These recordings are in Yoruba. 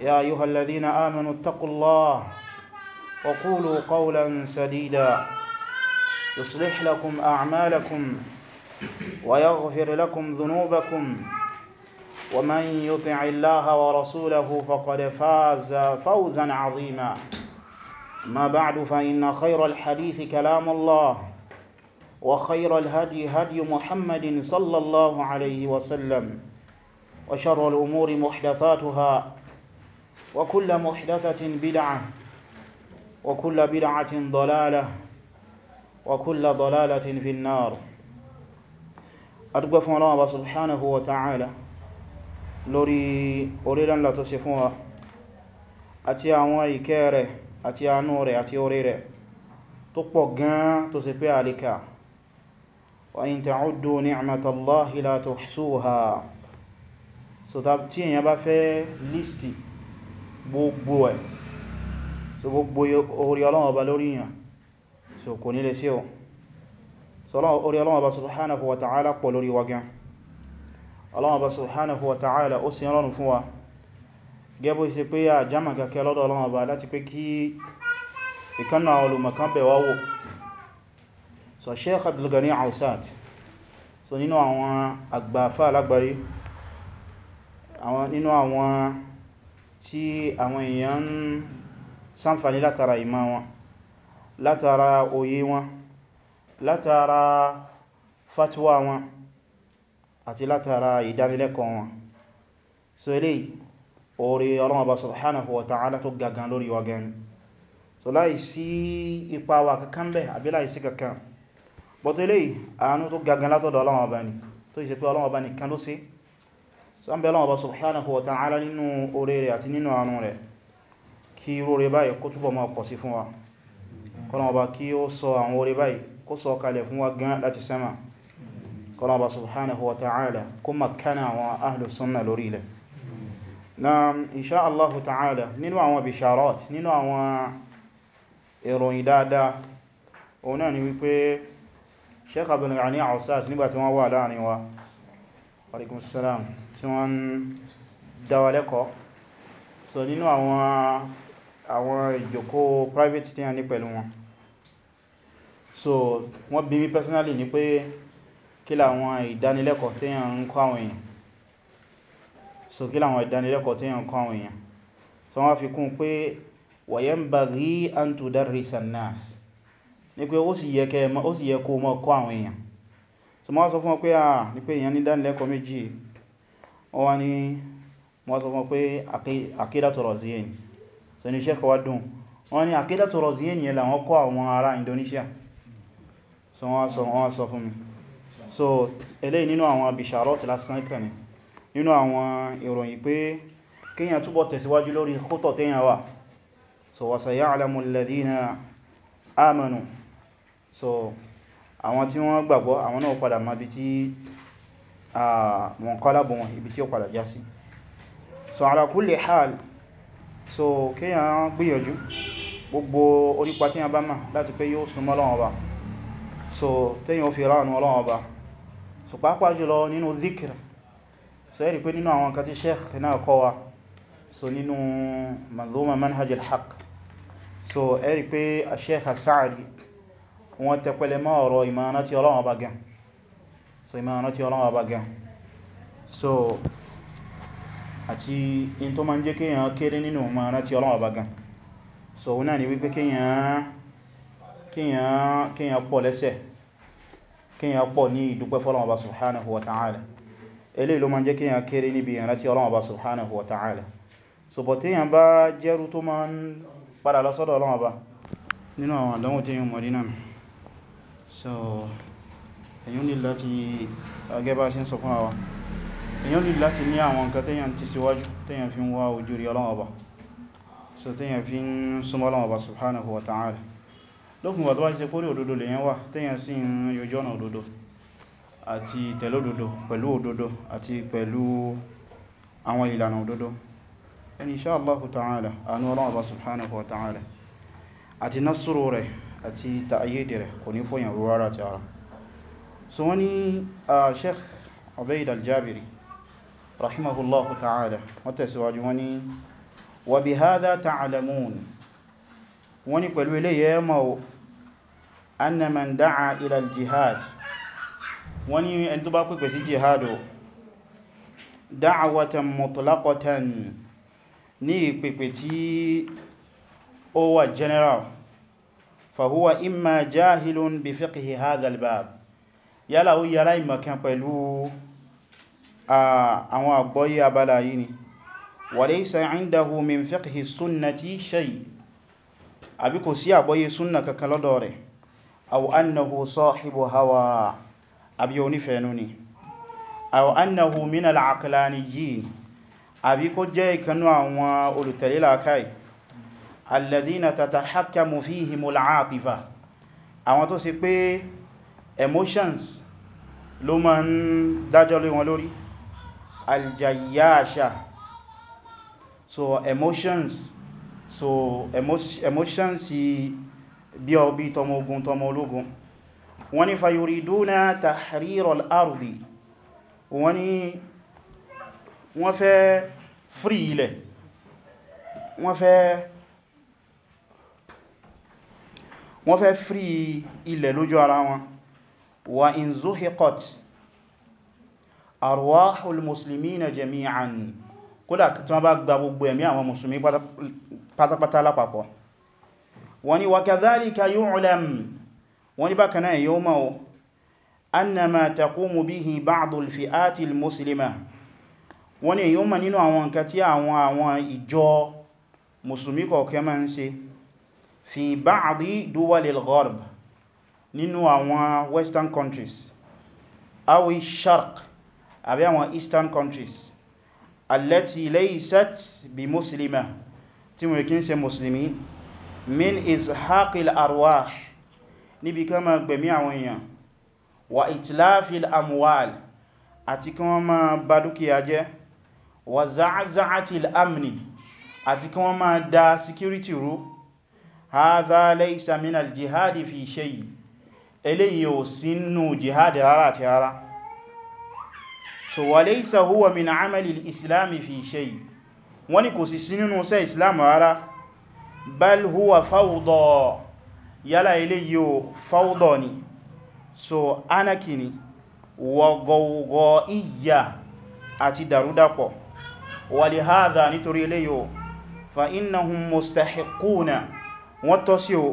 يا أيها الذين آمنوا اتقوا الله وقولوا قولا سديدا يصلح لكم أعمالكم ويغفر لكم ذنوبكم ومن يطع الله ورسوله فقد فاز فوزا عظيما ما بعد فإن خير الحديث كلام الله وخير الهدي هدي محمد صلى الله عليه وسلم وشر الأمور محدثاتها وكل محدثة بدعة وكل بدعة ضلالة وكل ضلالة في النار أدقف الله سبحانه وتعالى lórí orílẹ̀ ńlá tó ṣe fún wa àti àwọn ìkẹ́ rẹ̀ àti àánú rẹ̀ àti orí rẹ̀ tó pọ̀ gan tó ṣe pé àríkà wa in ta'uddu ni'matallahi la tuhsuha so tí èyàn bá fẹ́ lístì gbogbo ẹ̀ so gbogbo orí ọlọ́wọ́ ọba lórí yàn so kò nílé sí ọ so orí ọlọ́wọ́ ọba subhanahu wa ta'ala pọ̀ lórí wa gan ọlọ́wọ́ ọba subhanahu wa ta'ala ó sì rọrùn fún wa gẹ́bọ́ ìṣe pé a jama kẹ́kẹ́ lọ́dọ̀ ọlọ́wọ́ ọba láti pé so Sheikh Abdul Ghani Ausat so nínú àwọn tí àwọn èèyàn ń ṣàǹfàní látara ìmá wọn látara òye wọn látara fatwa wọn àti látara ìdánilẹ́kọ̀ọ́ wọn so eléyìí oore ọlọ́wọ́ bá subhanahu wa ta'ala tó gagan lórí wa gani so láìsí ipa wa kankan bẹ́ àbí láìsí kankan bọ́tọ̀ eléyìí àánú tó gagan látọ̀dọ̀ ọlọ́wọ́ bá ní tó ìsẹ́ pé ọlọ́wọ́ bá nìkan ló sí so an bẹ̀lọ́wọ́ bá subhanahu wa ta'ala nínú oore rẹ̀ àti nínú àánú rẹ̀ kí irú rẹ̀ báyìí kó túbọ̀ máa pọ̀ sí fún wa kọ́nà ọba kí ó sọ àwọn oore báyìí kó sọ kalẹ̀ fún wa gan láti sẹ́mà kọ́nà ọba subhanahu wa ta'ala kó makana àwọn tí wọ́n ń dáwà lẹ́kọ̀ọ́ so nínú àwọn àwọn ìjòkó private tí a ní pẹ̀lú wọn so wọ́n bí mi personally ní pé kí làwọn ìdánilẹ́kọ̀ọ́ tí yàn ń kọ́ àwọn èèyàn so kí làwọn ìdánilẹ́kọ̀ọ́ tí yàn ń kọ́ àwọn èèyàn so wọ́n fi kún pé wa yanbaghi an tudarrisa an-nas ní pé ó sì yẹ kó mọ́ kọ́ àwọn èèyàn so wọ́n sọ fún ọ pé à ní pé èèyàn ní ìdánilẹ́kọ̀ọ́ méjì wọ́n wá ní wọ́n sọ fún pé akídàtò Raziyayn so ní Sheikh wá dùn wọ́n ní akídàtò Raziyayn yẹn làwọn kọ́ àwọn ará Indonesia so wọ́n sọ fún mi so eléyìí nínú àwọn bisharot lásán kan ni nínú àwọn ìròyìn pé kíyàn túbọ̀ tẹ̀síwájú lórí kútọ̀ tẹ́yàn so wa saya'lamu alladhina amanu so àwọn tí wọ́n gbàgbọ́ àwọn náà mọ̀nkọ́lábù wọn ibi tí ó padà já sí so ala kulli hal so kíyàn gbìyànjú gbogbo orípa tí a bá máa láti pé yóò súnmọ́ Ọlọ́run so tẹ́yìn ó fi ránu Ọlọ́run so pàápàá jùlọ nínú dhikr so ẹ́rì pé nínú àwọn nǹkan sheikh náà kọ́ so nínú manzuma manhaj al so ẹ́rì pé a sheikh as-Sa'di wọ́n tẹpẹlẹ mọ́ ọ̀rọ̀ ìmọ̀ so ìmọ̀ rántí Ọlọ́run ọba gan so àti in tó ma ń jẹ́ kéèyàn kéré nínú ìmọ̀ rántí Ọlọ́run ọba gan so òun náà ni wípé kéèyàn pọ̀ lẹ́sẹ̀ kéèyàn pọ̀ ní ìdúpẹ́ fọ́lọ́run ọba subhanahu wa ta'ala eléyìí ló ma ń jẹ́ kéèyàn so bọ̀ téèyàn bá jẹ́rú tó ma ń padà lọ sọ́dọ̀ Ọlọ́run ọba so èyàn ní láti agẹ́bá sí ń sọ fún àwa èyàn ní láti ní àwọn nǹkan tẹ́yàn ti síwájú tẹ́yàn fi ń wá ojú rí Ọlọ́run Ọba so tẹ́yàn fi ń súnmọ́ Ọlọ́run Ọba subhanahu wa ta'ala lókùn wà tó bá ti ṣe kórí òdodo lèyàn wà tẹ́yàn sì ń yọjú àti tẹ̀lé pẹ̀lú òdodo àti pẹ̀lú àwọn so wọ́n ní sheikh obaid aljabiri rahimahullahu ta'ala wọ́n tẹ̀síwájú wọ́n ní wa bi hadha ta'lamun wọ́n ní pẹ̀lú ilé yẹ́mọ̀ o anna man da'a ila aljihad wọ́n ní ẹni tó bá pẹ̀pẹ̀ sí jihad o da'awatan mutlaqatan ní ìpẹ̀pẹ̀ tí ó wà general fahuwa imma jahilun bi fiqhi hadha albab yálà ó yára ìmọ̀kan pẹ̀lú àwọn àgbọ́yé abala yìí ni walaysa indahu min fiqhi sunnati shay àbí kò sí àgbọ́yé súnnà kankan lọ́dọ̀ rẹ̀ aw annahu sahibu hawa àbí onífẹ̀ẹ́nú ni aw annahu min al-aqlaniyyin àbí kó jẹ́ ìkanú àwọn olùtẹ̀lé làákàí alladhina tatahakkamu fihimul aatifa àwọn tó sì pé emotions ló ma ń dájọ́ lé wọn lórí aljayasha so emotions so emotions, emotions bí ọ bí tọmọ ogun tọmọ ológun wọ́n ni fayuriduna tahrirol ardi wọ́n ni wọ́n fẹ́ free ilẹ̀ wọ́n fẹ́ wọ́n fẹ́ free ilẹ̀ lójú ara wọn وإن زهقت أرواح المسلمين جميعا kódà tí wọ́n bá gba gbogbo ẹ̀mí àwọn musulmi pátápátá lápapọ̀ wọ́n ni wa kadhalika yu'lam wọ́n ni bákan náà yóò máa annama taqumu bihi ba'du al-fi'ati al-muslima wọ́n ni yóò máa nínú àwọn nǹkan tí àwọn àwọn ìjọ musulmi kọ̀ọ̀kẹ́ máa ń ṣe fi ba'di duwal al nínú àwọn western countries awi sharq àbí àwọn eastern countries allati laysat bi muslima tí wọ́n kí ń ṣe muslimi min izhaqil arwah níbi ká ma gbẹ̀mí àwọn èèyàn wa itlafil amwal àti kí wọ́n ma ba dúkìá jẹ́ wa za'za'atil amni àti kí wọ́n ma da security rú hadha laysa min al jihadi fi shay' eléyìí ò sínú jihadi rárá àti rárá so walaysa huwa min amali al-islami fi shay wọ́n ní kò sí sínú sẹ́ islam rárá bal huwa fawda yálà eléyìí ò fawda ni so anarchy ni wa gawgawiyya àti dàrúdàpọ̀ wali hadha nítorí eléyìí ò fa innahum mustahiquna wọ́n tọ́ sí o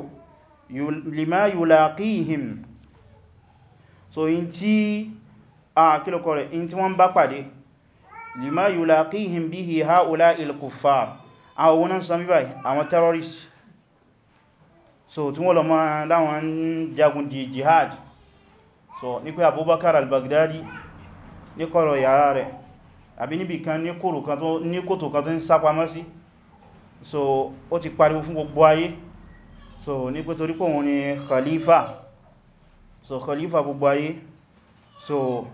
lima yulaqihim so in tí a kílùkọ rẹ̀ in tí wọ́n bá pàdé lima yulaqihim bihi haula il-kuffar àwọn wọn sọ bíbá àwọn terrorist so tí wọ́n lọ ma láwọn jagun di jihad so ní pé abubakar al-baghdadi ní kọ̀rọ̀ yàrá rẹ̀ àbí níbi kan ní kòtò kan tó ń sápamọ́ sí so ó ti pariwo fún gbogbo ayé so ní pé torí pé òun ni khalifa so khalifa gbogbo ayé so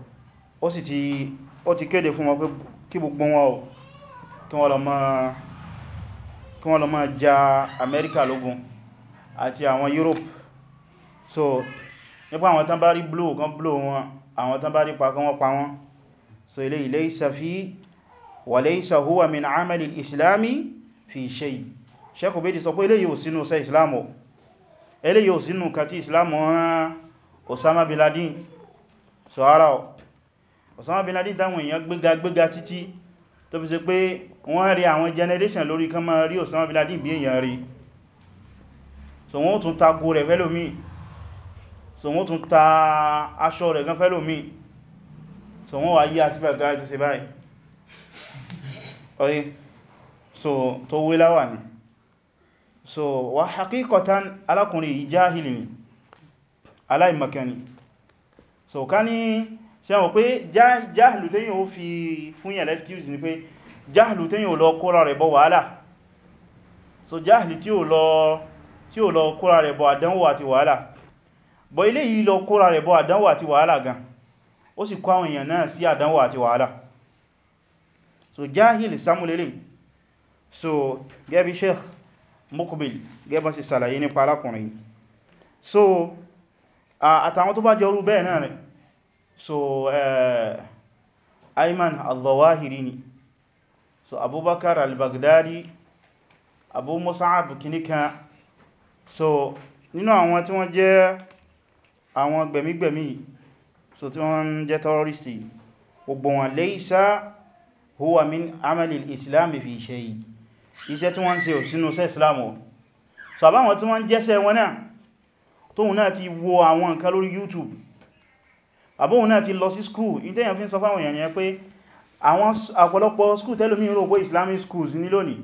ó sì ti ó ti kéde fún wọn pé kí gbogbo wọn o kí wọ́n lọ máa kí wọ́n lọ máa ja Amẹ́ríkà lógun àti àwọn Europe so nípa àwọn tán bá rí blue kan blue wọn àwọn tán bá rí pa kan wọ́n pa wọ́n so ilé laysa fi wa laysa huwa min amali islami fi shay Sheikh Ubaydi sọ pé ilé yóò sínú sẹ́ ìsìlámù ẹlẹ́ yóò sínú kàtí islamu rán Osama bin Laden so ọ̀ Osama bin Laden táwọn èèyàn gbéga gbéga títí tó fi ṣe pé wọ́n rí àwọn generation lórí kan máa rí Osama bin Laden bí èèyàn rí so wọ́n tún ta go rẹ̀ fẹ́lòmí so wọ́n tún ta aṣọ rẹ̀ gan fẹ́lòmí so wọ́n wá yí àsífẹ́ gáà tó ṣe báyìí ọ̀rí so tó wé láwà ni so wà haqiqatan alákùnrin yìí jáhìlì ni aláìmakẹni so kani ní ṣe wọ́n pé jáhìlù tẹ́yìn ó fi fún yàn excuse ni pé jáhìlù tẹ́yìn ò lọ kóra rẹ̀ bọ́ wàhálà so jáhìlù tí ò lọ tí ò lọ kóra rẹ̀ bọ́ àdánwò àti wàhálà bọ̀ ilé yìí lọ kóra rẹ̀ bọ́ àdánwò àti wàhálà gan ó sì kó àwọn èèyàn náà sí àdánwò àti wàhálà so jahili samulele so gẹ́bí sheikh mukbil gẹ́bà sí sàlàyé nípa alákùnrin so àtàwọn tó bá jọ orú bẹ́ẹ̀ náà rẹ̀ so ayman al-zawahiri ni so abubakar al-baghdadi abu musa'ab kìníkan so nínú àwọn tí wọ́n jẹ́ àwọn gbẹ̀mígbẹ̀mí so tí wọ́n jẹ́ terroristi gbogbo wọn laysa huwa min amali al-islam fi shay' iṣẹ́ tí wọ́n ń ṣe ò sínú iṣẹ́ islam o so àbáwọn tí wọ́n ń jẹ́ṣẹ́ wọn náà tóhun náà ti wo àwọn nǹkan lórí youtube àbóhun náà ti lọ sí school ìtẹ́yàn fi ń sọ fáwọn èèyàn yẹn pé àwọn ọ̀pọ̀lọpọ̀ school tẹ́lómi rò pé islamic schools ní lónìí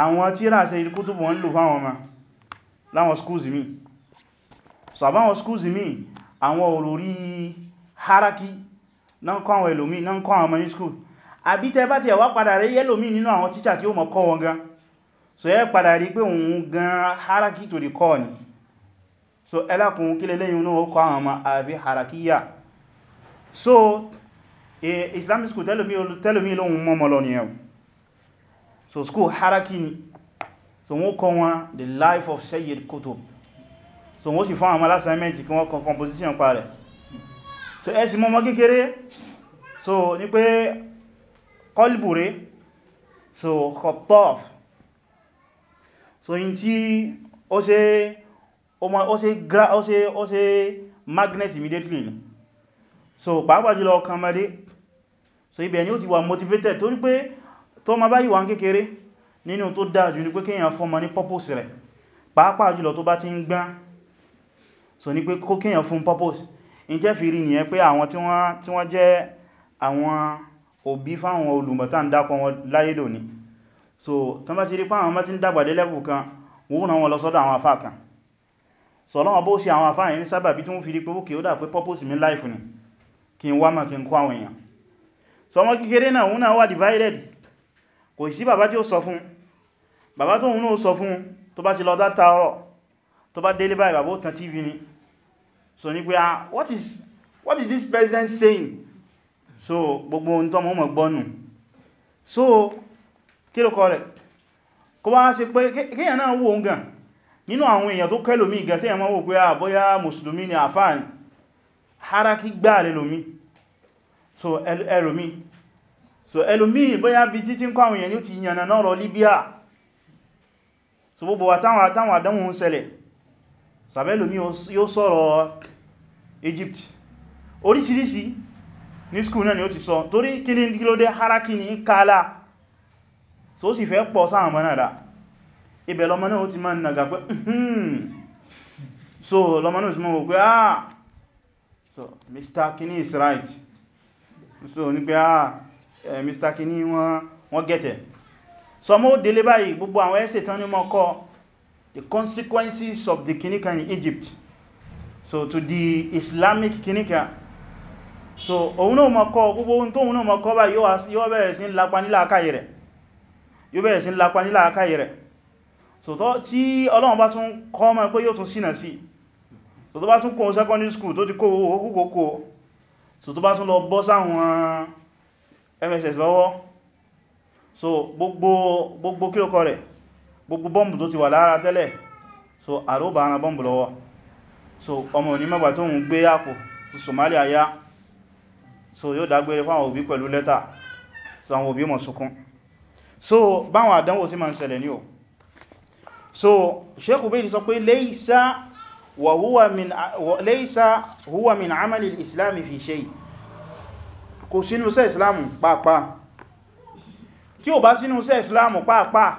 àwọn tíra àṣẹ ìrìkútùbù wọ́n lò fáwọn ọmọ láwọn schools mi so àbáwọn schools mi àwọn òròrí haraki náà kọ́ àwọn ẹlòmí náà kọ́ àwọn ọmọ ní school àbí tẹ bá ti ẹ̀wà padà rẹ̀ yẹ́lòmí nínú àwọn tíṣà tí ó mọ̀ kọ́ wọn gan so ẹ padà rí pé òun gan haraki tó di kọ́ ni so ẹlákùn kí lè lẹ́yìn náà ó kọ́ àwọn ọmọ àfi harakiya so e, islamic school tẹ́lòmí lóhun so school haraki ni so wọ́n the life of Sayyid Qutb so wọ́n sì fún àwọn assignment kí wọ́n kọ composition pa rẹ̀ so ẹ sì mọ́mọ́ kékeré so ní pé kọlbù rẹ̀ so khattaf so in tí ó ṣe ó ṣe gra ó ṣe ó ṣe magnet immediately so pàápàá jùlọ ọkàn mẹ́dé so ibẹ̀ ni ó ti wà motivated torí pé tó ma báyìí wà ń kékeré nínú tó dájú ní pé kíyàn fún ọmọ ní purpose rẹ̀ pàápàá jùlọ tó bá ti ń gbá so ní pé kó kíyàn fún purpose in jẹ́ fi rí nìyẹn pé àwọn tí wọ́n jẹ́ àwọn òbí fáwọn olùmọ̀tá ń dákọ wọn láyé lónìí so tán bá ti rí fáwọn mọ́tí ń dàgbàdé lẹ́bù kan wọ́n ràn wọn lọ sọ́dọ̀ àwọn afá kan so ọlọ́wọ́n bó ṣe àwọn afá yìí ní sábàbí tó ń fi rí pé ókè ó dà pé purpose mi life ni kí n wá mà kí n kó àwọn èèyàn so ọmọ kékeré náà òun náà wà divided kò sí bàbá tí ó sọ fún bàbá tó òun náà sọ fún tó bá ti lọ dáta ọ̀rọ̀ tó bá délé báyìí bàbá ó tan tv ni so ní pé ah what is what is this president saying so gbogbo ohun tó mọ́ mọ̀ gbọ́nù so kí ló kọ́ rẹ̀ kó wá ṣe pé kíyàn náà wò ń nínú àwọn èèyàn tó kẹ́ lómi ìgàn mọ́ pé àbọ́yá ni lè so ẹlòmí so ẹlòmí bóyá bí títí kọ́ àwọn èèyàn ni ó ti náà rọ Libya so gbogbo wa táwọn àtàwọn àdánwò ń ní skúl náà ni ó ti sọ torí kí ní kí ló dé haraki ní kààlá tó sì fẹ́ pọ̀ sáàmù náà ibẹ̀ lọmọ náà ó ti máa nàgà pé hmm. so lọmọ náà ó ti máa wò pé ah so mr kini is right so ní pé ah eh, mr kini wọ́n gẹ̀tẹ̀ so mọ́ délé báyìí gbogbo àwọn ẹ́sẹ̀ tán ní mọ́ kọ́ the consequences of the kinikan in Egypt so to the Islamic kinikan so òun náà mọ̀ kọ́ gbogbo ohun tóun náà mọ̀ kọ́ bá yóò bẹ̀rẹ̀ sí lápa nílá akáyì rẹ̀ yóò bẹ̀rẹ̀ sí lápa nílá akáyì rẹ̀ so tó tí Ọlọ́run bá tún kọ́ mọ́ pé yóò tún sínà sí so tó bá tún kó secondary school tó ti kó owó kúkòkó so tó bá tún lọ bọ́ sáwọn MSS lọ́wọ́ so gbogbo gbogbo kílòkọ rẹ̀ gbogbo bọ́m̀bù tó ti wà lára tẹ́lẹ̀ so àróbà ara bọ́m̀bù lọ́wọ́ so ọmọ onímọ̀gbà tó ń gbé àpò Somalia ya so yóò dágbére fáwọn òbí pẹ̀lú lẹ́tà so àwọn òbí mọ̀ sunkún so báwọn àdánwò sí ma ń ṣẹlẹ̀ ní o so Sheikh Ubaydi sọ pé laysa wa huwa min laysa huwa min amali al-islami fi shay kò sínú sẹ́ islamu pàápàá tí ò bá sínú sẹ́ islamu pàápàá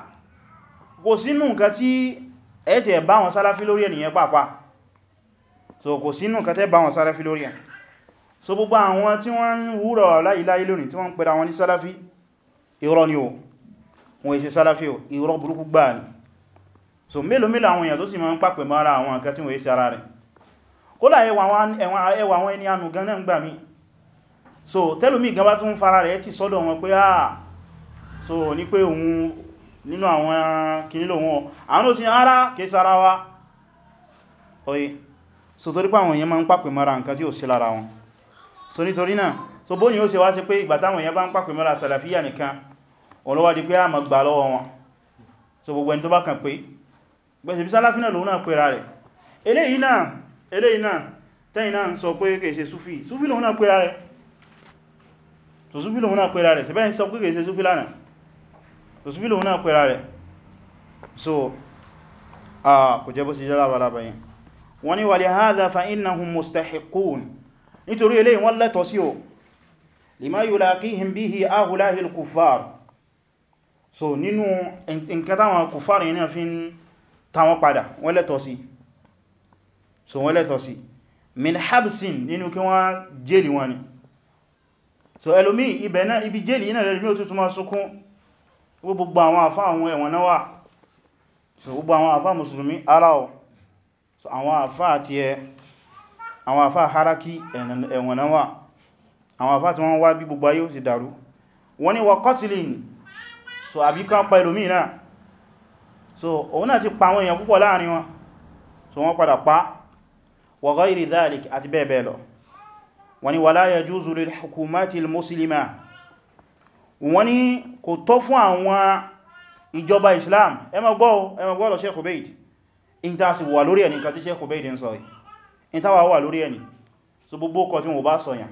kò sínú nǹkan tí ẹ̀ẹ́tẹ̀ bá wọn sálàfí lórí ènìyàn pàápàá so kò sínú nǹkan tẹ́ bá wọn sálàfí lórí ènìyàn so gbogbo àwọn tí wọ́n ń wúrọ̀ láìláì lónìí tí wọ́n ń pẹ̀lú àwọn ní sálàfí irọ́ ni o wọ́n èṣe sálàfí o irọ́ burúkú gbáà ni so mélòó mélòó àwọn èèyàn tó sì máa ń pàpẹ̀ mọ́ ara àwọn nǹkan tí wọ́n èṣe ara rẹ̀ kódà ẹwà àwọn ẹni anù gan náà ń gbà mí so tẹ́lùmí gan bá tún fara rẹ̀ ti sọ́dọ̀ wọn pé ah so ní pé òun nínú àwọn kìnílò wọn àwọn òsìn ara kìí sára wa oye so torípa àwọn èèyàn máa ń pàpẹ̀ mọ́ra nǹkan tí ò sí lára wọn so nítorí náà so bóyí ó ṣe wá sí pé ìgbà táwọn èèyàn bá ń pàpẹ mọ́ra sàlàfíyà nìkan òun ló wá di pé a mọ̀ gbà lọ́wọ́ wọn so gbogbo ẹni tó bá kàn pé gbẹ̀sẹ̀ bí sàlàfí náà lòun náà pèrà rẹ̀ eléyìí náà eléyìí náà tẹ́yìn náà ń sọ pé kèé ṣe súfì nítorí eléyìí wọ́n lẹ́tọ̀ sí o lima yulaqihim bihi ahulahi al-kuffar so nínú nǹkan táwọn kùfàr yìí náà fi ń tàwọn padà wọ́n lẹ́tọ̀ sí so wọ́n lẹ́tọ̀ sí min habsin nínú kí wọ́n jẹ́lì wọn ni so ẹlòmí ibẹ̀ náà ibi jẹ́lì yìí náà lẹ́lùmí ò tútù máa sókún gbogbo àwọn àfá àwọn ẹ̀wọ̀n náà wà so gbogbo àwọn àfá mùsùlùmí so àwọn àfá àti àwọn àfá haraki ẹ̀wọ̀n náà wà àwọn àfá tí wọ́n wá bí gbogbo ayé ó sì dàrú wọ́n ni wà kọtìlìn so àbí kan pa ìlòmí náà so òun náà ti pa àwọn èèyàn púpọ̀ láàrin wọn so wọ́n padà pa wa ghayri dhalik àti bẹ́ẹ̀ lọ wọ́n ni wala yajuzu lil hukumati al wọ́n ni kò tọ́ fún àwọn ìjọba islam ẹ gbọ́ ẹ gbọ́ lọ Sheikh in ta sì wà lórí ẹ̀nìkan tí Sheikh Ubaid ń sọ yìí in táwà wà lórí ẹni so gbogbo ọkọ̀ tí wọ́n bá sọ̀yàn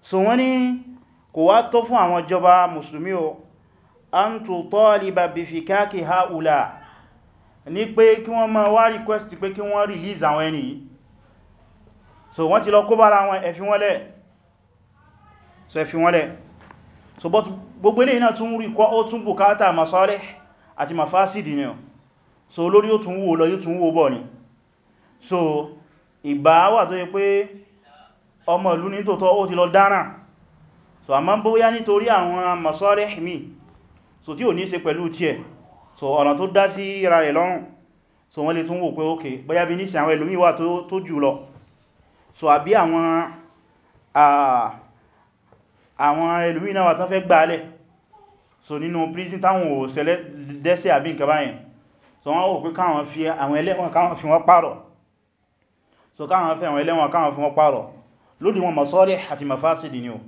so wọ́n ni kò wá tó fún àwọn jọba musulmi o an tó taliba bí fi káàkì ha ula ní pé kí wọ́n máa wá request pé kí wọ́n release àwọn ẹni so wọ́n ti lọ kó bára wọn ẹ̀fí so ẹ̀fí wọ́n so but gbogbo ilé iná tún rí kọ́ ó tún bùkátà masalih àti mafásìdì ni so olórí ó tún wó lọ yóò tún wó bọ̀ ni so ìbá wà tó yẹ pé ọmọ ìlú ní tòótọ́ ó ti lọ dáràn so a ma ń bóyá nítorí àwọn masorih mi so tí ò ní ṣe pẹ̀lú tí ẹ̀ so ọ̀nà tó dá sí ra rẹ̀ lọ́rùn so wọ́n lè tún wò pé ókè bóyá bí ní sí àwọn ẹlòmí wà tó jù lọ so àbí àwọn àwọn ẹlòmí náà wà tán fẹ́ gbálẹ̀ so nínú prison táwọn ò sẹlẹ̀ dẹ́sẹ̀ àbí nǹkan báyẹn so wọ́n wò pé káwọn fi àwọn ẹlẹ́wọ̀n káwọn fi wọ́n pààrọ̀ so káwọn fẹ́ àwọn ẹlẹ́wọ̀n káwọn fún ọpárọ̀ lórí wọn masọ́lẹ̀ àti mafásìdì ni o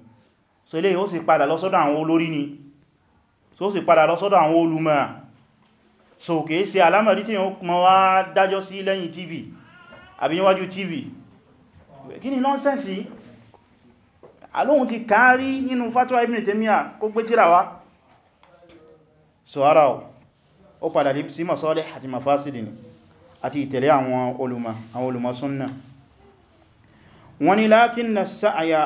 so ilé ó sì padà lọ́sọ́dọ̀ àwọn olórí ni so ó sì padà lọ́sọ́dọ̀ àwọn olùmọ̀ so kìí ṣe alámọ̀rí tí yóò mọ́ wá dájọ́ sí lẹ́yìn tv àbí níwájú tv ó padà sí masọ́lẹ̀ àti mafásìdì ni àti ìtẹ̀lé àwọn olùmọ̀ àwọn olùmọ̀ súnnà wọ́n ní lákínà sáàyà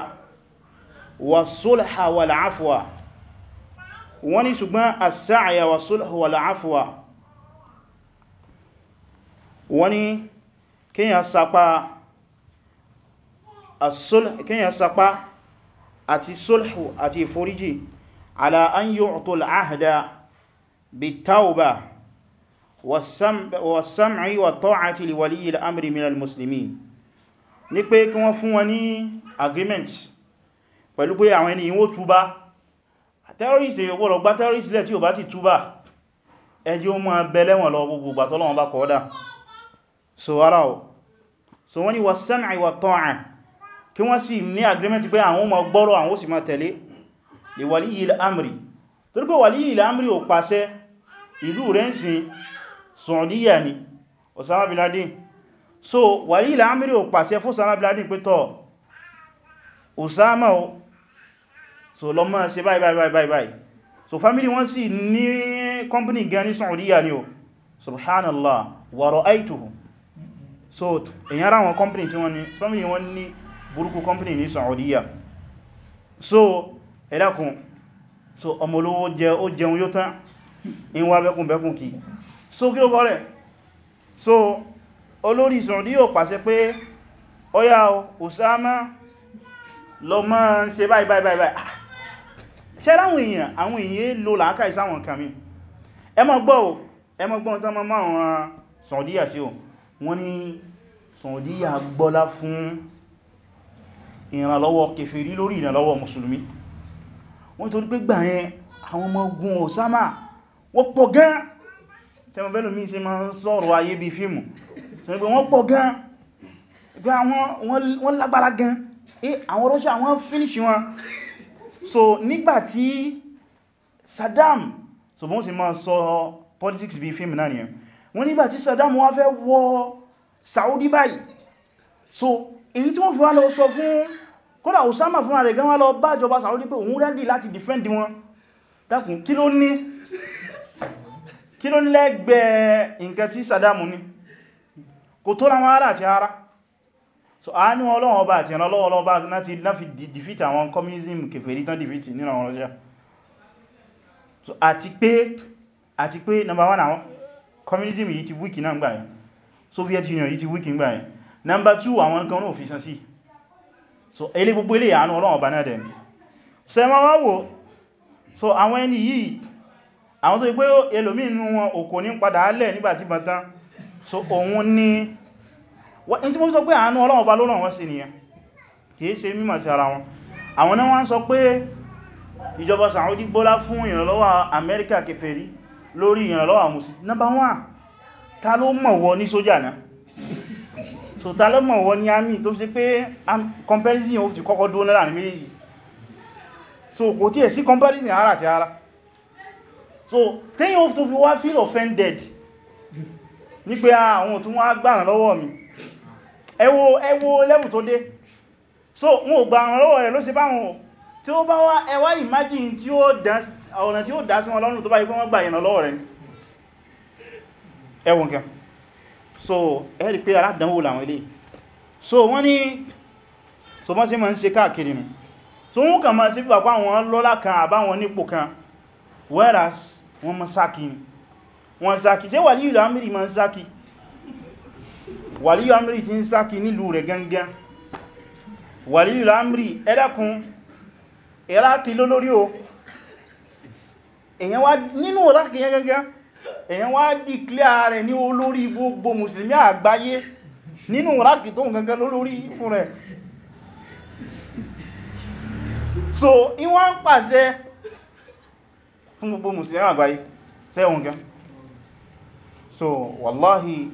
wà sólhà wà láàfíwà wọ́n ní ṣùgbọ́n àsáàyà wà sólhà wà láàfíwà wọ́n ní sapa àti sólhù àti ìforíjì ala an yu'tul ahda bitawba والسمع والطاعة لولي الأمر من المسلمين ní pé kí wọ́n fún wọn ní agreement pẹ̀lú pé àwọn ẹni ìwó túbá terrorist èyí gbọ́dọ̀ gbá terrorist lẹ́ tí ò bá ti túbá ẹjẹ́ ó máa bẹ lẹ́wọ̀n lọ gbogbo gbà tọ́lọ́wọ́n bá kọ́ọ́dá so ara o so wọ́n ni was-sam'i wat ìlú rẹ̀ ń sin Saudiya ni Osama bin Laden so wàlí ilẹ̀ amiri ò pàṣẹ fún Osama bin Laden pé tọ́ Osama o so lọ mọ́ ṣe báyìí báyìí báyìí báyìí so family wọ́n sì ní company gan ní Saudiya ni o subhanallah wa ra'aytuhu so èyàn ra wọn company tí wọ́n ní family wọ́n ní burúkú company ní Saudiya so ẹ̀dàkùn so ọmọ olówó jẹ ó jẹun yóò tán in wá bẹ́kùnbẹ́kùn kìí so kí ló bọ́ rẹ̀ so olórí Saudi yóò pàṣẹ pé ọya Usama lọ mọ́ ṣe báyìí báyìí báyìí ah, ṣe láwọn èèyàn àwọn èèyàn ló làákà ìsáwọn kan mi ẹ má gbọ́ o ẹ má gbọ́ tán mọ́ àwọn Saudiya sí o wọ́n ní Saudiya gbọ́lá fún ìrànlọ́wọ́ kèfèrí lórí ìrànlọ́wọ́ mùsùlùmí wọ́n torí pé gbà yẹn àwọn ọmọ ogun Usama wọ́n pọ̀ gan sẹ́mọ̀ bẹ́lú mi ṣe ma ń sọ̀rọ̀ ayé bí fíìmù sọ pé wọ́n pọ̀ gan pé wọ́n lágbára gan eh àwọn Russia wọ́n finish wọn so nígbàtí Saddam so bọ́n sì ma sọ politics bí fíìmù náà nìyẹn wọ́n nígbàtí Saddam wá fẹ́ wọ Saudi báyìí so èyí tí wọ́n fi wá lọ sọ fún kódà Osama fúnra rẹ̀ gan wá lọ bá ìjọba Saudi pé òun rẹ́ndì láti defend wọn dákùn kí ló ní kí ló lẹ́gbẹ̀ẹ́ nǹkan tí sàdámù ní kò tó láwọn ará àti ara so a ní ọlọ́wọ́ bá àti ìrànlọ́wọ́ ọlọ́wọ́ bá láti láfi dìfìtì àwọn communism kèfèrí tán dìfìtì nínú àwọn ọlọ́jẹ́ so àti pé àti pé number one àwọn communism yìí ti wíkì náà gbáyẹn Soviet Union yìí ti wíkì gbáyẹn number two àwọn kan náà fi san sí so elé gbogbo ilé àánú ọlọ́wọ́ bá náà dẹ̀ so ẹ ma wá wò so àwọn ẹni yìí àwọn tó pé ẹlòmí inú wọn òkò ní padà alẹ́ nígbàtí bàtán so òun ní wọ́n tí mo sọ pé àánú Ọlọ́run bá lọ́rọ̀ wọ́n sí nìyàn kìí ṣe mímọ̀ sí ara wọn àwọn náà wọ́n sọ pé ìjọba Saudi gbọ́lá fún ìrànlọ́wọ́ Amẹ́ríkà kèfèrí lórí ìrànlọ́wọ́ so ta ló mọ̀ wọ ní army tó fi ṣe pé um, so kò tí ẹ̀ sí comparison ara ara so tẹ́yìn of tó fi wá feel offended ní pé ah, àwọn tó wọ́n gbàrán lọ́wọ́ mi ẹ wò ẹ wò level tó dé so wọn ò gbàrán lọ́wọ́ rẹ̀ ló ṣe báwọn tí ó bá wá ẹ imagine tí ó ọ̀nà tí ó dá sí wọn lọ́rùn tó bá yí pé wọ́n gbà yẹ̀nà lọ́wọ́ rẹ̀ ẹwọ̀n kẹ so ẹ rí pé aládánwò làwọn ilé so wọ́n ní so mọ́ sí ma ń ṣe káàkiri nù so wọ́n kàn máa sí pàpá àwọn lọ́lá kan àbáwọn nípò kan whereas wọ́n mọ́ sáàkì ni wọ́n sáàkì ṣe wà lílù amìrì ma ń sáàkì wà lílù amìrì ti ń sáàkì nílùú rẹ̀ gangan wà lílù amìrì ẹ̀dàkùn iraki ló lórí o èyàn wá nínú iraki yẹn gangan èyàn wá dìklẹ́ rẹ̀ ní olórí gbogbo mùsùlùmí àgbáyé nínú iraki tó gangan ló fún rẹ̀ fún gbogbo musulmi àgbáyé sẹ́wọ̀n gan so wallahi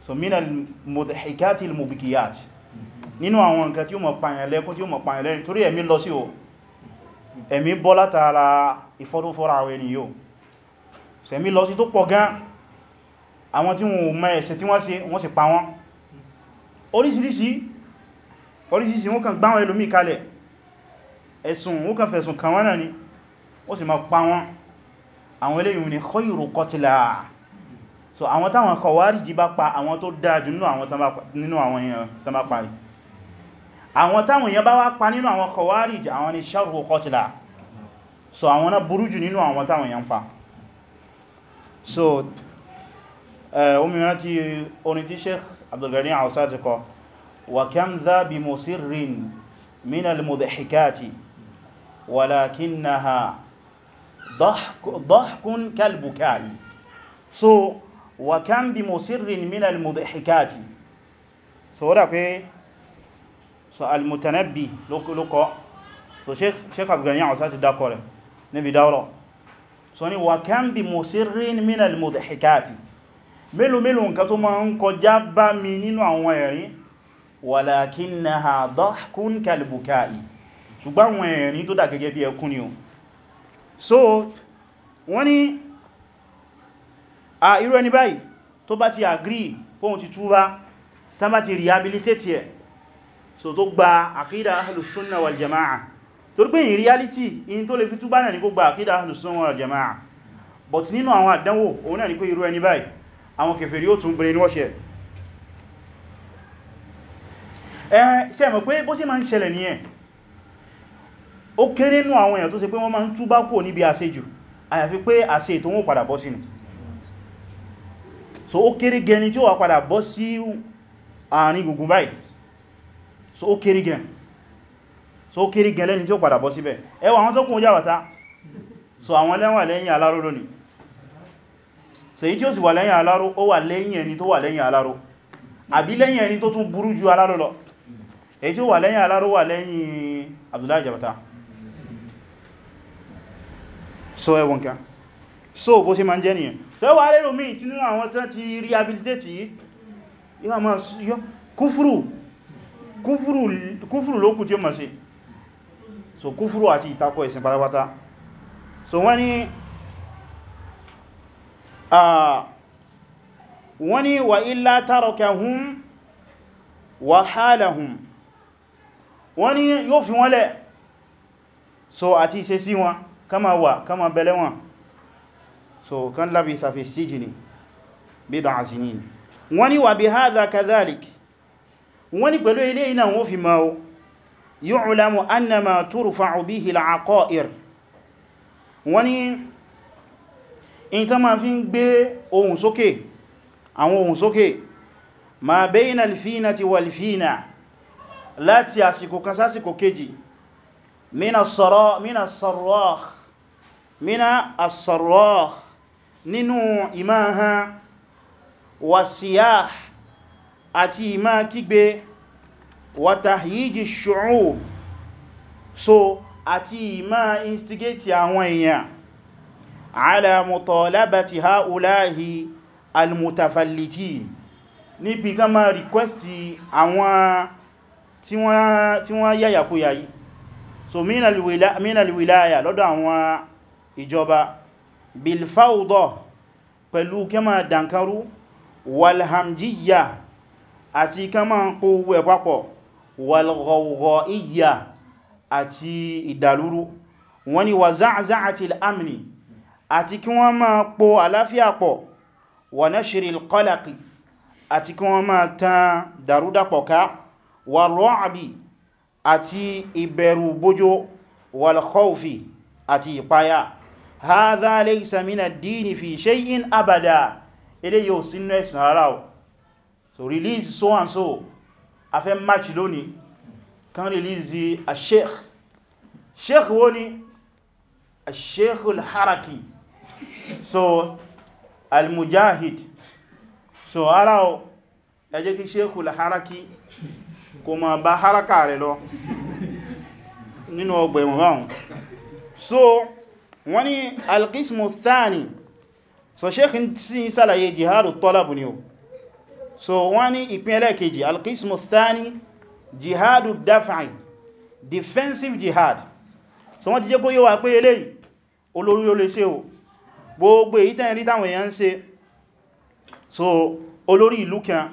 so mina mudhikati al-mubkiyat nínú àwọn nǹkan tí ó mọ̀ pààyàn lẹ́kún tí ó mọ̀ pààyàn lẹ́rin torí ẹ̀mí lọ sí o ẹ̀mí bọ́ látara ìfọ́dúfọ́ra àwọn ènìyàn yóò sẹ̀mí lọ sí tó pọ̀ gan àwọn tí wọ́n mọ̀ ẹ̀ṣẹ̀ tí wọ́n ṣe wọ́n sì pa wọ́n oríṣiríṣi oríṣiríṣi wọ́n kàn gbáwọn ẹlòmí kalẹ̀ ẹ̀sùn wọ́n kàn fẹ̀sùn kàn wọ́n náà ni ó sì máa pa wọ́n àwọn eléyìn ni khayru qatla so àwọn táwọn khawarij bá pa àwọn tó dájú nínú àwọn èèyàn tán bá parí àwọn táwọn èèyàn bá wá pa nínú àwọn khawarij àwọn ni sharru qatla so àwọn náà burú jù nínú àwọn táwọn èèyàn pa so eh, omiyar ti orin tí Sheikh Abdulgani Hausa ti kọ wa kam dha bi musirrin min al-mudhahikati walakinnaha ضحك كالبكاء so wa kan bi musirrin min al-mudhihikati so da pe so al-mutanabbi loko so sheikh sheikh Abdul-Ghani Ausati dákọ rẹ̀ níbi dáwọ́rọ̀ so ni wa kan bi musirrin min al-mudhihikati mélòó mélòó nǹkan tó máa ń kọjá bá mi nínú àwọn ẹ̀rín walakinnaha dhahkun kalbukai ṣùgbọ́n àwọn ẹ̀rín tó dà gẹ́gẹ́ bí ẹkún ni o so wọ́n ni a irú ẹni báyìí tó bá ti agree kóhun ti túbá tán bá ti rehabilitate ẹ̀ so tó gba àkídà ahlus sunnah wal jama'a torí pé in reality in tó lè fi túbá náà ní kó gba àkídà ahlus sunnah wal jama'a but nínú àwọn àdánwò òun náà ní pé irú ẹni báyìí àwọn kèfèrí ó tún brain wash ẹ̀ ṣe mọ̀ pé bó ṣe máa ń ṣẹlẹ̀ nìyẹn ó kéré nú àwọn èèyàn tó ṣe pé wọ́n máa ń túbá kò níbi àṣejù àyàfi pé àṣe ètò wọn padà bọ́ sí ni so ó kéré gẹni tí ó wà padà bọ́ sí àárín gùngùn báyìí so ó kéré gẹn so ó kéré gẹn lẹ́ni tí ó padà bọ́ síbẹ̀ ẹwà àwọn tó kún ojú so àwọn lẹ́wọ̀n lẹ́yìn aláró lónìí so èyí tí ó sì wà lẹ́yìn aláró ó wà lẹ́yìn ẹni tó wà lẹ́yìn aláró àbí lẹ́yìn ẹni tó tún burú ju aláró lọ èyí tí ó wà lẹ́yìn aláró wà lẹ́yìn Abdullahi Jabata so ẹwọ̀n kan so bó ṣe ma ń jẹ́ nìyàn so ẹwà lérò míì tí nínú àwọn tán ti rehabilitate yìí yíwa ma yọ kúfúrù kúfúrù lókù tí ó mọ̀ sí so kúfúrù àti ìtakọ̀ ẹ̀sìn pátápátá so wọ́n ni wọ́n ni wà illá tarakahum wà hálàhùn wọ́n ni yóò fi wọ́n lẹ̀ so àti ìṣesí wọn kama wà kama bẹ̀lẹ́wọ̀n so kan labi safi sijini bid'a sinin wọ́n ní wà bí hadha kadhalik wọ́n ní pẹ̀lú ilé iná wọ́n fi ma o yu'lamu annama turfa'u bihi al-aqa'ir wọ́n ní in ta ma fi ń gbé ohun sókè àwọn ohun sókè ma bayna al-finati wal láti àsìkò kan sásìkò kejì mina as mina as-sarrah nínú ìmáha wasiyah àti ìmá kígbe wa tahyiji so àti ìmá instigate àwọn èèyàn ala mutalabati ha'ulahi al-mutafalliti níbi kan ma request àwọn tí wọ́n yáyàkóyà yìí so mina al lọ́dọ̀ àwọn ìjọba bilfawdọ̀ pẹ̀lú kí ma dankaru walhamjiyya àti kí ma ń kó owó ẹ̀ papọ̀ walghawgha'iyya àti ìdàlúrú wọ́n ni wà záàzáàtì al'amni àti kí wọ́n ma po àláfíà pọ̀ wà nashri al-qalaqi àti kí wọ́n ma tán dàrúdàpọ̀ ká wà rọ́àbì àti ìbẹ̀rù bójó wal khawfi àti ìpáyà hadha laysa min ad-din fi shay'in abada ilé yóò sínú ẹ̀sìn ara o so release so and so a fẹ́ match lónìí kan release a sheikh sheikh wo ni a sheikh al-haraki so al-mujahid so ara o ẹ jẹ́ kí sheikh al-haraki kò ma bá haraka rẹ̀ lọ nínú ọgbẹ̀ ìwọ̀n so wọ́n ní alkismu thani so sheikhin sí sàlàyé jihadu tọ́lábù ni o so wọ́n ní ìpín ẹlẹ́kejì alkismu thani jihadu dafa'i defensive jihad so wọ́n ti jẹ́ kó yíwa pé eléyìí olórí ló lè ṣe o gbogbo èyí tẹ́rin táwọn èèyàn ń so olórí ìlú kan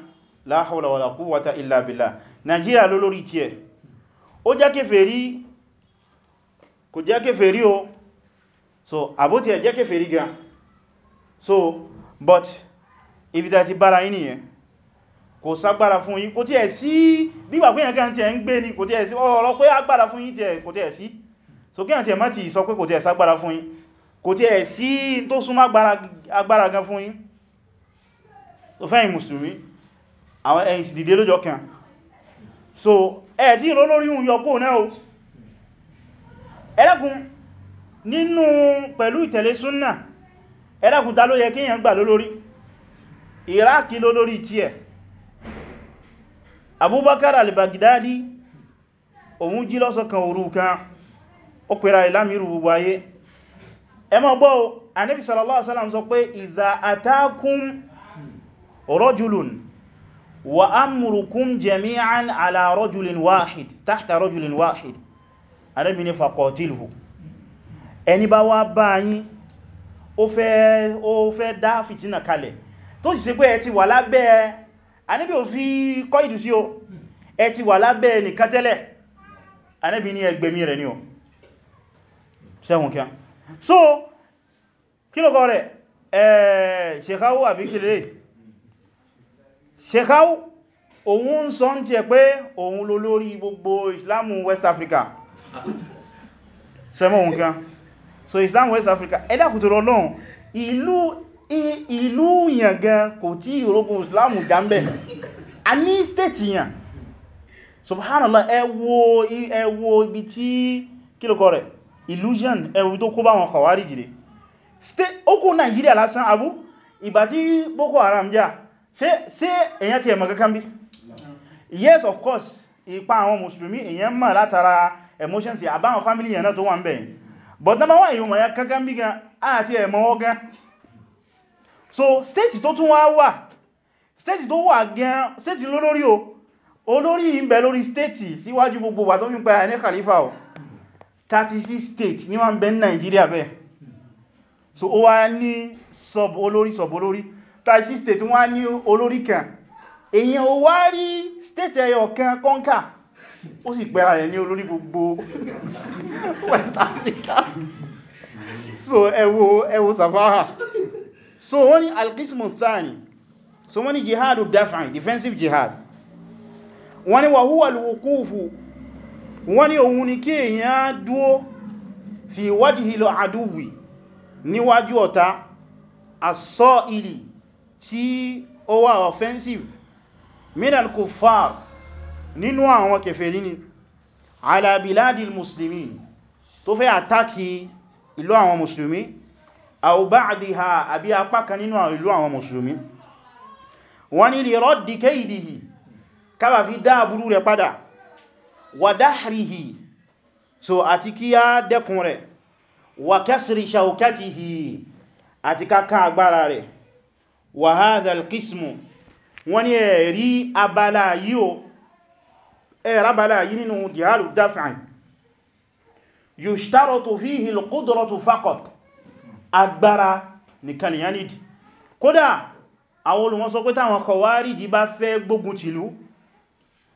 la hawla wala quwwata illa billah Nigeria lólórí tiẹ̀ ó jẹ́ kèfèrí kò jẹ́ kèfèrí o so àbótí ẹ̀ jẹ́ kèfèrí gan so but ibi tẹ́ ti bára yín nìyẹn kò ságbára fún yín kò tí ẹ̀ sí bígbà pé ẹ̀gán tí ẹ̀ ń gbé ní kò tí ẹ̀ sí ọ̀rọ̀ pé agbára fún yín kò tí ẹ̀ sí so kí àti ẹ̀má ti sọ pé kò tí ẹ̀ ságbára fún yín kò tí ẹ̀ sí tó súnmọ́ agbára gan fún yín so fẹ́yìn mùsùlùmí àwọn ẹ̀yìn sì lójọ kan so ẹ̀ tí ìró lórí yọ kó náà o nínú pẹ̀lú ìtẹ̀lé súnnà ẹ̀dàkùntà ló yẹ kíyàn gbà lólórí iraki lólórí tí ẹ̀ abubakar al-baghdadi òun jí lọ́sọ̀kan òru kan ó pèrà ìlàmìrù gbogbo ayé ẹ má gbọ́ anẹ́bì sallallahu wahid tahta rajulin wahid anẹ́bì ni faqatilhu ẹni bá wá bá yín ó fẹ́ ó fẹ́ dá fìtínà kalẹ̀ tó sì ṣe pé ẹ ti wà lábẹ́ Ànábì ò fi kọ́ ìdù sí o ẹ ti wà lábẹ́ nìkan tẹ́lẹ̀ Ànábì ní ẹgbẹ̀mí rẹ̀ ní o so kí lọ́kọ́ rẹ̀ ṣekáwó àbí kìlẹ̀ ṣekáwó òun ń sọ ń tí ẹ pé òun ló lórí gbogbo Islamu West Africa ṣẹ́mọ̀ òun kí so Islam West Africa ẹ̀dà kò tó rọ lọ́hun ìlú yàn gan kò tí ìrógún Islam jàmbẹ̀ a ní stéètì yàn subhanallah ẹ wò ẹ wò ibi tí kílùkọ rẹ̀ illusion ẹ wò tó kó bá wọn kọ̀wárí jìde okò Nigeria lásán abú ìgbà tí Boko Haram jà ṣe èyàn ti ẹ̀mọ̀ kankan bí yes of course ipa àwọn mùsùlùmí èyàn mọ̀ látara emotions àbáwọn family yẹn náà tó wà ń bẹ̀yìn but number one ìwọ̀n ya kankan bí gan àti ẹ̀mọ́wọ́ gan so state tó tún wá wà state tó wà gan state lólórí o olórí ń bẹ lórí state síwájú gbogbo wà tó fi ń pa ẹni khalifa o 36 state ní wọ́n bẹ Nigeria bẹ́ẹ̀ so ó wá ní sub olórí sub olórí 36 state wọ́n ní olórí kan èyàn ó wá rí state ẹyọ kan kọ́ńkà ó sì pẹ́ra rẹ̀ ní olórí gbogbo West Africa so ẹwọ ẹwọ sàfáà so wọ́n ni alkismu thani so wọ́n ni jihadu daf'an defensive jihad wọ́n ni wàhúwà lùkúfù wọ́n ni òun ni kí èyàn dúó fi wajhi lọ àdúwì níwájú ọ̀tá asọ́ ilì tí ó wà offensive minal kuffar nínú àwọn kèfèrí ni ala biladil muslimin tó fẹ́ àtàkì ìlú àwọn musulmi aw ba'diha àbí apá kan nínú ìlú àwọn musulmi wọ́n ni li raddi kaydihi kábà fi dá aburú rẹ̀ padà wa dahrihi so àti kí á dẹ́kun rẹ̀ wa kasri shawkatihi àti kákan agbára rẹ̀ wa hadha al wọ́n ni ẹ̀rí abala yíò ẹ̀rábàlá yìí nínú dìhálù dáfàáyì yushtaratu fihi al-qudratu faqat agbára nìkan ni yánìdì kódà àwọn olùmọ̀ sọ pé táwọn kọwárìdì bá fẹ́ gbógun tìlú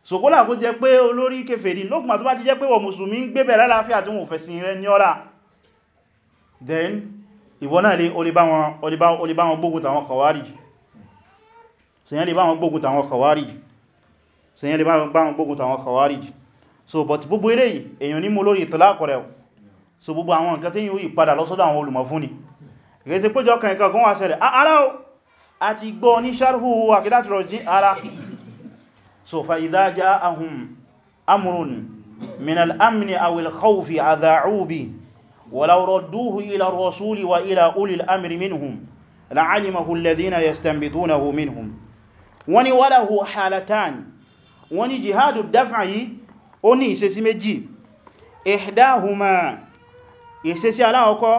sòkólà kó jẹ pé olórí kèfèrí lókùnmà tó bá ti jẹ́ pé wọ́n mùsùlùmí ń gbébẹ̀ lálàáfíà tí wọ́n fẹ̀sìn rẹ̀ ní ọ́rà then ìwọ náà lè olè gbógun tàwọn kọwárìdì so yẹn lè bá wọn gbógun tàwọn khawarij so but gbogbo eléyìí èyàn ní mú lórí ìtọ́láàkọ̀ rẹ̀ so gbogbo àwọn nǹkan tí yíò ìpadà lọ́sọ́dọ̀ àwọn olùmọ̀ fún ni gẹ̀ẹ́sẹ̀ péjọ kan ìkan kan wà ṣẹlẹ̀ ara o àti gbọ́ ní sharhu àkídàtìrọ̀ sí ara so fa wọ́n ní jihadu dafa yìí ó ní ìṣesí méjì ihdahuma ìṣesí aláwọ̀kọ́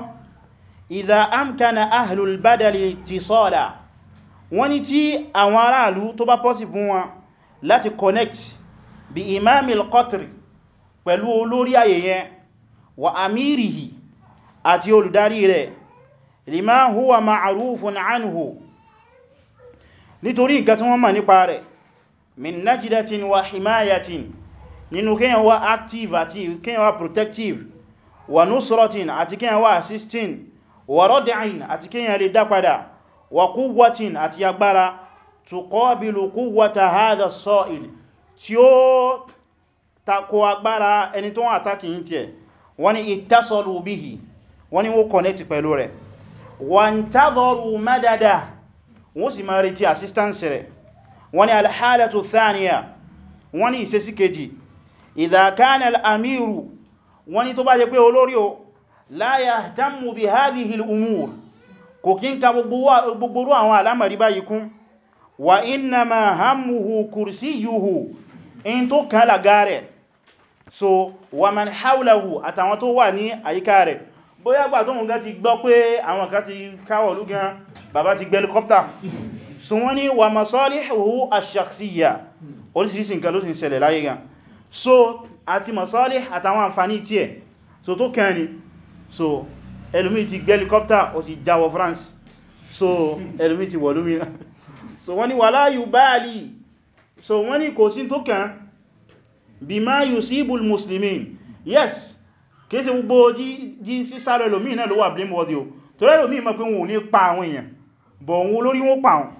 idha amkana ahlul badali ittisala wọ́n ní tí àwọn aráàlú tó bá pọ́sì fún wọn láti connect bí imamil qatri pẹ̀lú olórí ayẹyẹ wa amirihi àti olùdarí rẹ̀ lima huwa ma'arufun anhu nítorí nǹkan tí wọ́n mọ̀ nípa rẹ̀ min najidatin wa himayatin nínú kíyàn wá active àti kíyàn wá protective wa nusratin àti kíyàn wá assisting wa rad'in àti kíyàn lè dápadà wa quwwatin àti agbára tuqabilu quwwata hadha as-sa'il tí ó tako agbára ẹni tó wọ́n àtàkì yí tí ẹ̀ wọ́n ittasalu bihi wọ́n ni connect pẹ̀lú rẹ̀ wa intadharu madada wọ́n sì máa retí assistance rẹ̀ wọ́n ni alhálàtù thaniya wọ́n ni ìsẹsí kejì idha kana al'amíru wọ́n ni tó bá jẹ́ pé olórí o la yahtammu bi hadhihi al'umur kò kí n ka gbogbo àwọn alamari báyìí kún wa innama hammuhu kursiyuhu in tó kan lága rẹ̀ so wa man hawlahu àtàwọn tó wà ní àyíká rẹ̀ bóyá gbà tó mú gan ti gbọ́ pé àwọn kan ti káwọ̀ lúgan bàbá ti gbẹ́likọ́pta so wọ́n ní wà masalihu ash-shakhsiyya hmm. orísìírísìí nǹkan ló sì ń ṣẹlẹ̀ láyé gan so àti masalih àtàwọn àǹfàní tí ẹ̀ so tó kàn ní so ẹlòmí ti gbé helicopter ó sì jáwọ France so ẹlòmí ti wọ̀ so wọ́n ní wala yubali so wọ́n ní kò sí tó kàn bima yusibul muslimin yes kìí gbogbo jí sísáré ẹlòmí náà ló wà blameworthy o torí ẹlòmí mọ̀ pé wọn ò ní pa àwọn èèyàn bọ̀ òun olórí wọn pa àwọn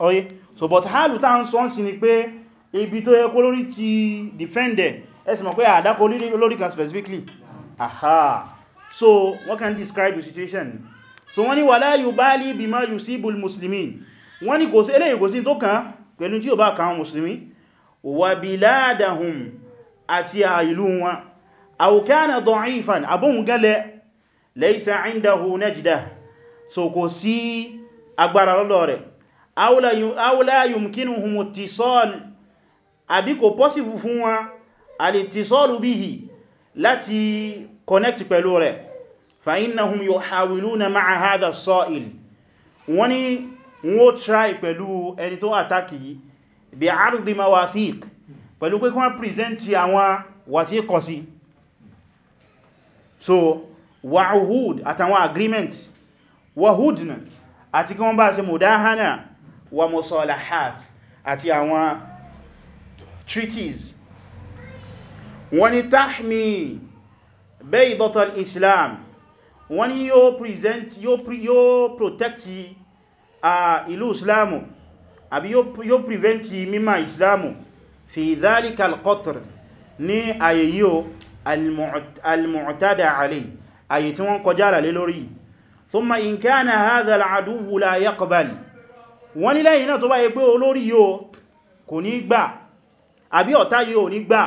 oye so but hálù tá ń sọ ń sí ni pé ibi tó yẹ kó lórí ti defender ẹsì mọ̀ pé àdákò lórí kan specifically aha so what can describe the situation so wọ́n ní wala yubali bima yusibul muslimin wọ́n ní kò sí eléyìí kò sí tó kàn pẹ̀lú tí ó bá kàn musulmi wa biladahum àti àìlú wọn aw kana da'ifan abóhun gẹ́lẹ̀ laysa indahu najdah so kò sí agbára lọ́dọ̀ rẹ̀ aula yumkinuhum ittisal àbí kò possible fún wọn al-ittisalu bihi láti connect pẹ̀lú rẹ̀ fa innahum yuhawiluna ma'a hadha as-sa'il wọ́n ní wọ́n try pẹ̀lú ẹni tó àtàkì yìí bí ardi mawathiq pẹ̀lú pé kọ́n present àwọn wathiqo sí so wa uhud agreement wa hudna àti kí wọ́n bá mudahana wa musalahat àti àwọn treaties wọ́n ni tahmi baydatul islam wọ́n ni yóò present yóò protect ìlú islamu àbí yóò prevent mímá islamu fi dhalika al-qatr ní ayé yíò al-mu'tada alayhi ayé tí wọ́n kọjá lálé lórí thumma in kana hadha al-aduwwu la yaqbal wọ́n ní lẹ́yìn náà tó bá yẹ pé olórí yóò kò ní gbà àbí ọ̀tá yóò ní gbà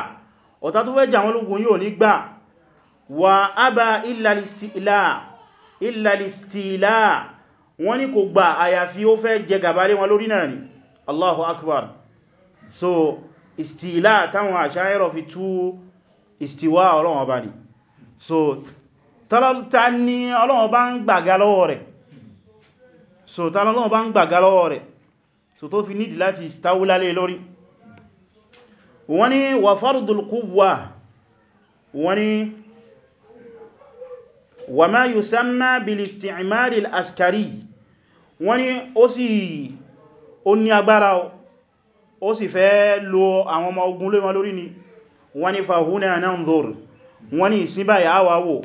ọ̀tá tó fẹ́ jà wọ́n lógun yóò ní gbà wà ábá ìlàlìstìlá wọ́n ní kò gbà àyàfi ó fẹ́ jẹ gàbálé wọn lórí náà ni Allahu Akbar so ìstìlá táwọn àṣáyẹ̀rọ̀ fi tú ìstìwá ọlọ́wọ̀n ọba ni so tọ́lọ́ta ni ọlọ́wọ̀n bá ń gbàgá lọ́wọ́ rẹ̀ so ta lọ́nà bá ń gbàgá lọ́wọ́ rẹ̀ so tó fi nídì láti stáwúlálé lórí wọ́n ni wà fardul quwwa wọ́n ni wà má yusamma bil isti'mal al askari wọ́n ni ó sì ó ní agbára ó sì fẹ́ lo àwọn ọmọ ogun lé lórí ni wọ́n ni fahuna nanzur wọ́n ni ìsinbáyà àwáwò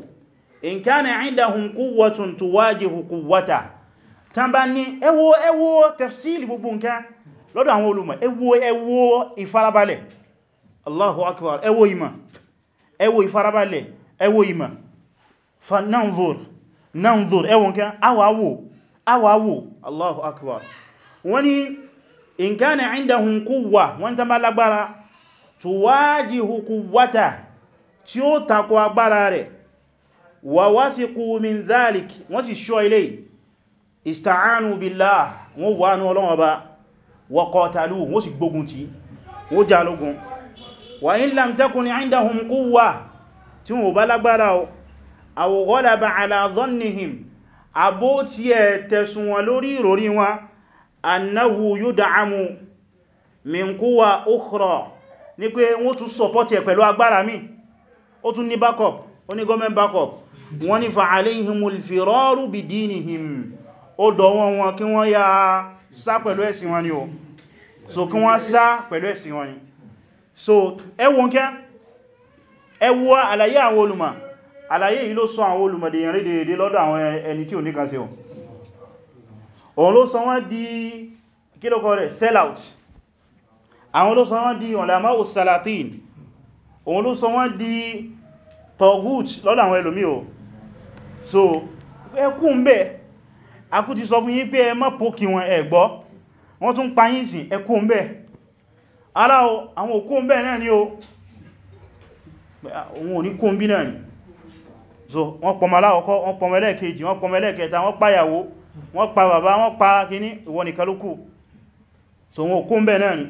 in kana indahum quwwatun tuwajihu quwwata tán bá ní ẹwọ ẹwọ tafsili gbogbo nǹkan lọ́dọ̀ àwọn olùmọ̀ ẹwọ ẹwọ ìfarabalẹ̀ Allahu akbar ẹwọ ìmọ̀ ẹwọ ìfarabalẹ̀ ẹwọ ìmọ̀ fa nanzur nanzur ẹwọ nǹkan awawo awawo Allahu akbar wani in kana indahum quwwa wọ́n tán bá lágbára tuwajihu quwwata tí ó takò agbára rẹ̀ wa wathiqu min dhalik wọ́n sì ṣọ́ ilé yìí ista'anu billah wọ́n wà ní Ọlọ́run Ọba wa qatalu wọ́n sì gbógun ti wọ́n jà lógun wa in lam takun indahum quwwa tí wọ́n bá lágbára o aw ghalaba ala dhannihim abó tí ẹ tẹ̀sùn wọn lórí ìròrí wọn annahu yud'amu min backup ó ní government backup wọ́n ní fa alayhimul ó dọ̀wọ́ wọn kí wọ́n yá sá pẹ̀lú ẹ̀sìn wọn ni o so kí wọ́n sá pẹ̀lú ẹ̀sìn wọn ni so ẹwọ nkẹ́ ẹwọ àlàyé àwọn olùmọ̀ àlàyé yìí ló sọ àwọn olùmọ̀ dèyàn rí dèdè lọ́dọ̀ àwọn ẹni tí ò ní kan o òun ló sọ di kílòkọ rẹ̀ sell out àwọn ló sọ di ọ̀làmá òsàlàtín òun ló sọ wọ́n di togut lọ́dọ̀ àwọn ẹlòmí o so ẹkùn bẹ́ẹ̀ akú ti sọ fún yín pé ẹ má pókí wọn ẹ gbọ́ wọ́n tún pa yín sìn ẹkú ń bẹ̀ ara o àwọn òkú ń bẹ̀ náà ni o òun ò ní kó ń bí náà ni so wọ́n pọmọ aláwọ̀kọ́ wọ́n pọmọ ẹlẹ́ẹ̀kejì wọ́n pọmọ ẹlẹ́ẹ̀kẹta wọ́n páyàwó wọ́n pa bàbá wọ́n pa kíní ìwọ nìkan so wọn òkú ń bẹ̀ náà ni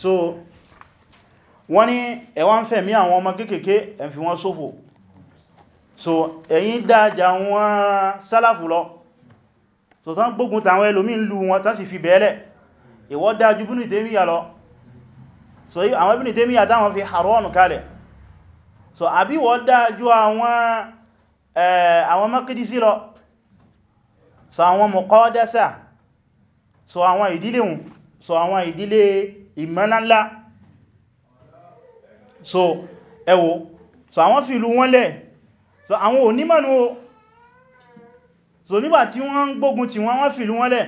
so wọ́n ní ẹwà ń fẹ̀mí àwọn ọmọ kéékèèké ẹ fi wọ́n ṣòfò so ẹ̀yin dájà wọn sálàfù lọ so tán gbógun tàwọn ẹlòmí ń lù wọn tán sì fi bẹ̀ẹ́lẹ̀ ìwọ́ dájú Ibn Taymiyyah lọ so àwọn Ibn Taymiyyah táwọn fi harọ́nù kalẹ̀ so àbí wọ́ dájú àwọn Maqdisi lọ so àwọn Muqaddasa so àwọn ìdílé wọn so àwọn ìdílé ìmọ́lánlá so ẹwọ so àwọn fìlú wọn lẹ̀ so àwọn onímọ̀nù so nígbà tí wọ́n ń gbógun tí wọ́n wọ́n fìlú wọ́n lẹ̀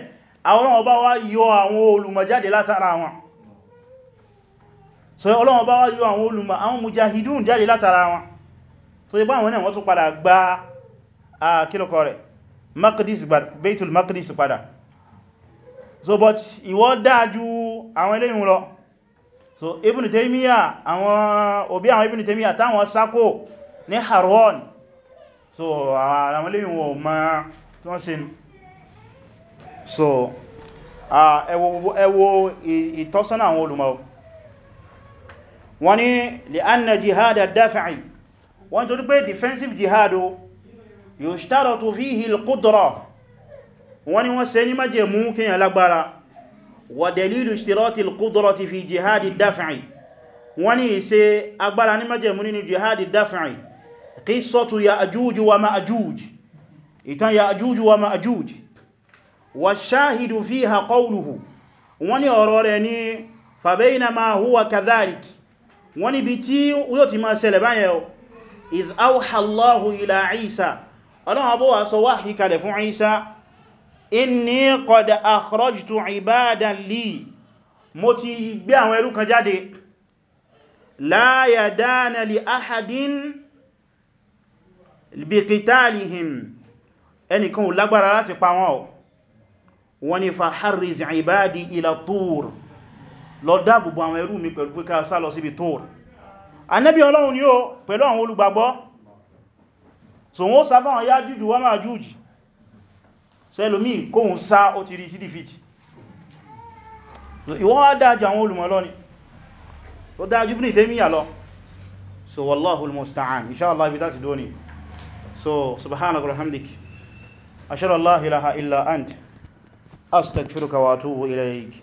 àwọn ọba wá yọ àwọn olùmọ̀ jáde látara wọn so ọlọ́wọ́ bá wá yọ àwọn olùmọ̀ àwọn mujahidun jáde látara wọn so ibá àwọn náà wọ́n tún padà gba àkílùkọ rẹ̀ Maqdis Baitul Maqdis padà so but ìwọ dájú àwọn eléyìn lọ so Ibn Taymiyyah àwọn òbí àwọn Ibn Taymiyyah táwọn sákò ní Harran so àwọn eléyìn wọ́n tí wọ́n ṣe so ẹwọ ìtọ́sánà àwọn olùmọ̀ wọ́n ní li'anna jihad ad-daf'i wọ́n tó pé defensive jihad o yushtaratu fihi al-qudra wọ́n ní wọ́n ṣe ní májẹ̀mú kíyàn lágbára wa dalilu ishtirati al-qudrati fi jihad ad-daf'i wọ́n ní ìṣe agbára ní májẹ̀mú nínú jihad ad-daf'i qissatu ya'juj wa ma'juj ìtàn Ya'juj wa Ma'juj wa shahidu fiha qawluhu wọ́n ní ọ̀rọ̀ rẹ̀ ní fa baynama huwa kadhalik wọ́n ní bí tí yóò ti máa ṣẹlẹ̀ báyẹ̀ idh awha Allahu ila Isa ọlọ́run abọ́ wa sọ wáhí kalẹ̀ fún Isa inni mo ti gbé àwọn ẹrú kan jáde la yadana li ahadin bi ẹnìkan ò lágbára láti pa wọ́n ọ̀ wọ́n ni fahariz ibadi ila tóòr lọ dáàbùbù àwọn ẹrú mi pẹ̀lú pẹ́ká sá lọ síbi tóòr anẹ́bí ọlọ́run ni ó pẹ̀lú àwọn olùgbàgbọ́ so wọ́n sá fáwọn yá jújù wọ́n máa jújì sẹ́lòmí kóhun sá ó ti rí sí dìfìtì ìwọ́n wá dájú àwọn olùmọ̀ lọ ó dájú bí ní tẹ́míyà lọ so wallahul musta'an inshallah bí láti dóní so subhanaka wa أشهد الله إله إلا أنت أستغفرك وأتوب إليك